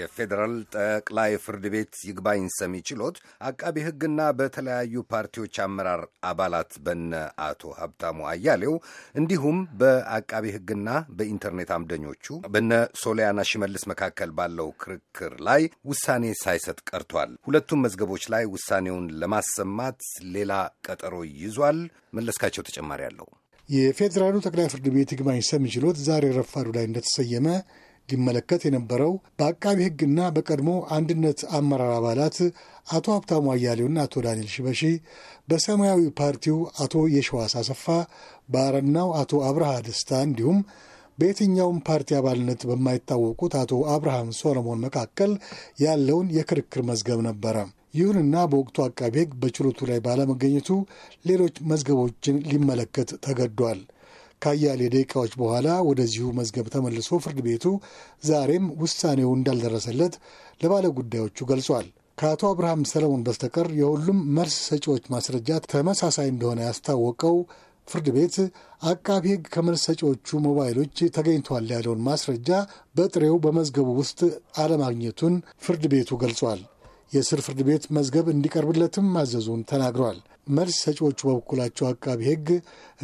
የፌዴራል ጠቅላይ ፍርድ ቤት ይግባኝ ሰሚ ችሎት አቃቢ ሕግና በተለያዩ ፓርቲዎች አመራር አባላት በነ አቶ ሀብታሙ አያሌው እንዲሁም በአቃቢ ሕግና በኢንተርኔት አምደኞቹ በነ ሶሊያና ሽመልስ መካከል ባለው ክርክር ላይ ውሳኔ ሳይሰጥ ቀርቷል። ሁለቱም መዝገቦች ላይ ውሳኔውን ለማሰማት ሌላ ቀጠሮ ይዟል። መለስካቸው ተጨማሪ አለው። የፌዴራሉ ጠቅላይ ፍርድ ቤት ይግባኝ ሰሚ ችሎት ዛሬ ረፋዱ ላይ እንደተሰየመ ሊመለከት የነበረው በአቃቢ ሕግና በቀድሞ አንድነት አመራር አባላት አቶ ሀብታሙ አያሌውና አቶ ዳንኤል ሽበሺ፣ በሰማያዊ ፓርቲው አቶ የሸዋስ አሰፋ፣ በአረናው አቶ አብርሃ ደስታ እንዲሁም በየትኛውም ፓርቲ አባልነት በማይታወቁት አቶ አብርሃም ሶሎሞን መካከል ያለውን የክርክር መዝገብ ነበረ። ይሁንና በወቅቱ አቃቤ ሕግ በችሎቱ ላይ ባለመገኘቱ ሌሎች መዝገቦችን ሊመለከት ተገዷል። ከአያሌ ደቂቃዎች በኋላ ወደዚሁ መዝገብ ተመልሶ ፍርድ ቤቱ ዛሬም ውሳኔው እንዳልደረሰለት ለባለ ጉዳዮቹ ገልጿል። ከአቶ አብርሃም ሰለሞን በስተቀር የሁሉም መልስ ሰጪዎች ማስረጃ ተመሳሳይ እንደሆነ ያስታወቀው ፍርድ ቤት አቃቢ ሕግ ከመልስ ሰጪዎቹ ሞባይሎች ተገኝቷል ያለውን ማስረጃ በጥሬው በመዝገቡ ውስጥ አለማግኘቱን ፍርድ ቤቱ ገልጿል። የስር ፍርድ ቤት መዝገብ እንዲቀርብለትም ማዘዙን ተናግረዋል። መልስ ሰጪዎቹ በበኩላቸው አቃቢ ሕግ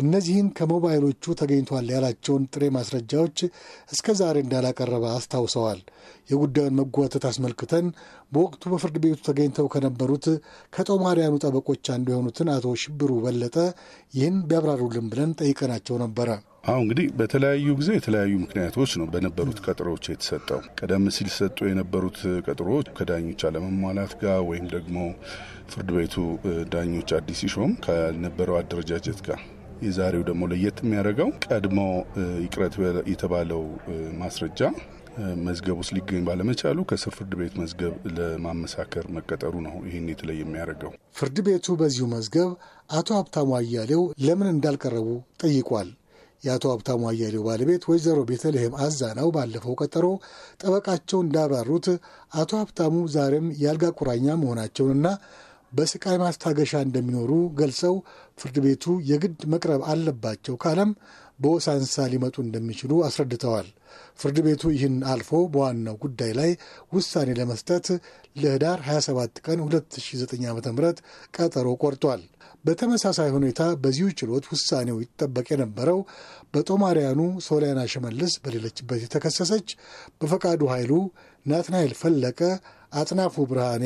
እነዚህን ከሞባይሎቹ ተገኝቷል ያላቸውን ጥሬ ማስረጃዎች እስከ ዛሬ እንዳላቀረበ አስታውሰዋል። የጉዳዩን መጓተት አስመልክተን በወቅቱ በፍርድ ቤቱ ተገኝተው ከነበሩት ከጦማርያኑ ጠበቆች አንዱ የሆኑትን አቶ ሽብሩ በለጠ ይህን ቢያብራሩልን ብለን ጠይቀናቸው ነበረ። አሁ እንግዲህ በተለያዩ ጊዜ የተለያዩ ምክንያቶች ነው በነበሩት ቀጠሮዎች የተሰጠው። ቀደም ሲል ሰጡ የነበሩት ቀጠሮዎች ከዳኞች አለመሟላት ጋር ወይም ደግሞ ፍርድ ቤቱ ዳኞች አዲስ ሲሾም ከነበረው አደረጃጀት ጋር የዛሬው ደግሞ ለየት የሚያደርገው ቀድሞ ይቅረት የተባለው ማስረጃ መዝገብ ውስጥ ሊገኝ ባለመቻሉ ከስር ፍርድ ቤት መዝገብ ለማመሳከር መቀጠሩ ነው ይህን የተለየ የሚያደርገው። ፍርድ ቤቱ በዚሁ መዝገብ አቶ ሀብታሙ አያሌው ለምን እንዳልቀረቡ ጠይቋል። የአቶ ሀብታሙ አያሌው ባለቤት ወይዘሮ ቤተልሔም አዛናው ባለፈው ቀጠሮ ጠበቃቸው እንዳብራሩት አቶ ሀብታሙ ዛሬም የአልጋ ቁራኛ መሆናቸውንና በስቃይ ማስታገሻ እንደሚኖሩ ገልጸው ፍርድ ቤቱ የግድ መቅረብ አለባቸው ካለም በወሳንሳ ሊመጡ እንደሚችሉ አስረድተዋል። ፍርድ ቤቱ ይህን አልፎ በዋናው ጉዳይ ላይ ውሳኔ ለመስጠት ለህዳር 27 ቀን 2009 ዓ ም ቀጠሮ ቆርጧል። በተመሳሳይ ሁኔታ በዚሁ ችሎት ውሳኔው ይጠበቅ የነበረው በጦማሪያኑ ሶሊያና ሽመልስ በሌለችበት የተከሰሰች በፈቃዱ ኃይሉ፣ ናትናኤል ፈለቀ፣ አጥናፉ ብርሃኔ፣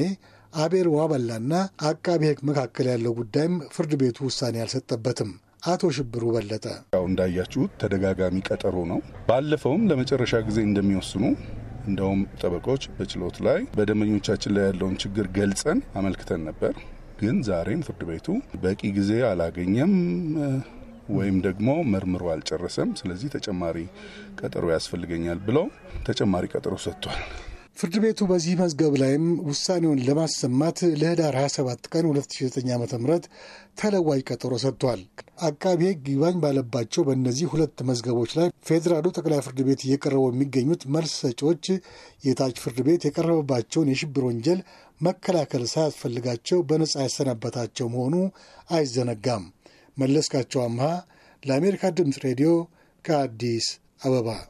አቤል ዋበላና አቃቢ ሕግ መካከል ያለው ጉዳይም ፍርድ ቤቱ ውሳኔ አልሰጠበትም። አቶ ሽብሩ በለጠ ያው እንዳያችሁት ተደጋጋሚ ቀጠሮ ነው። ባለፈውም ለመጨረሻ ጊዜ እንደሚወስኑ እንደውም ጠበቆች በችሎት ላይ በደንበኞቻችን ላይ ያለውን ችግር ገልጸን አመልክተን ነበር። ግን ዛሬም ፍርድ ቤቱ በቂ ጊዜ አላገኘም ወይም ደግሞ መርምሮ አልጨረሰም፣ ስለዚህ ተጨማሪ ቀጠሮ ያስፈልገኛል ብለው ተጨማሪ ቀጠሮ ሰጥቷል። ፍርድ ቤቱ በዚህ መዝገብ ላይም ውሳኔውን ለማሰማት ለህዳር 27 ቀን 2009 ዓ ም ተለዋጭ ቀጠሮ ሰጥቷል። አቃቢ ህግ ይግባኝ ባለባቸው በእነዚህ ሁለት መዝገቦች ላይ ፌዴራሉ ጠቅላይ ፍርድ ቤት እየቀረቡ የሚገኙት መልስ ሰጪዎች የታች ፍርድ ቤት የቀረበባቸውን የሽብር ወንጀል መከላከል ሳያስፈልጋቸው በነጻ ያሰናበታቸው መሆኑ አይዘነጋም። መለስካቸው አምሃ ለአሜሪካ ድምፅ ሬዲዮ ከአዲስ አበባ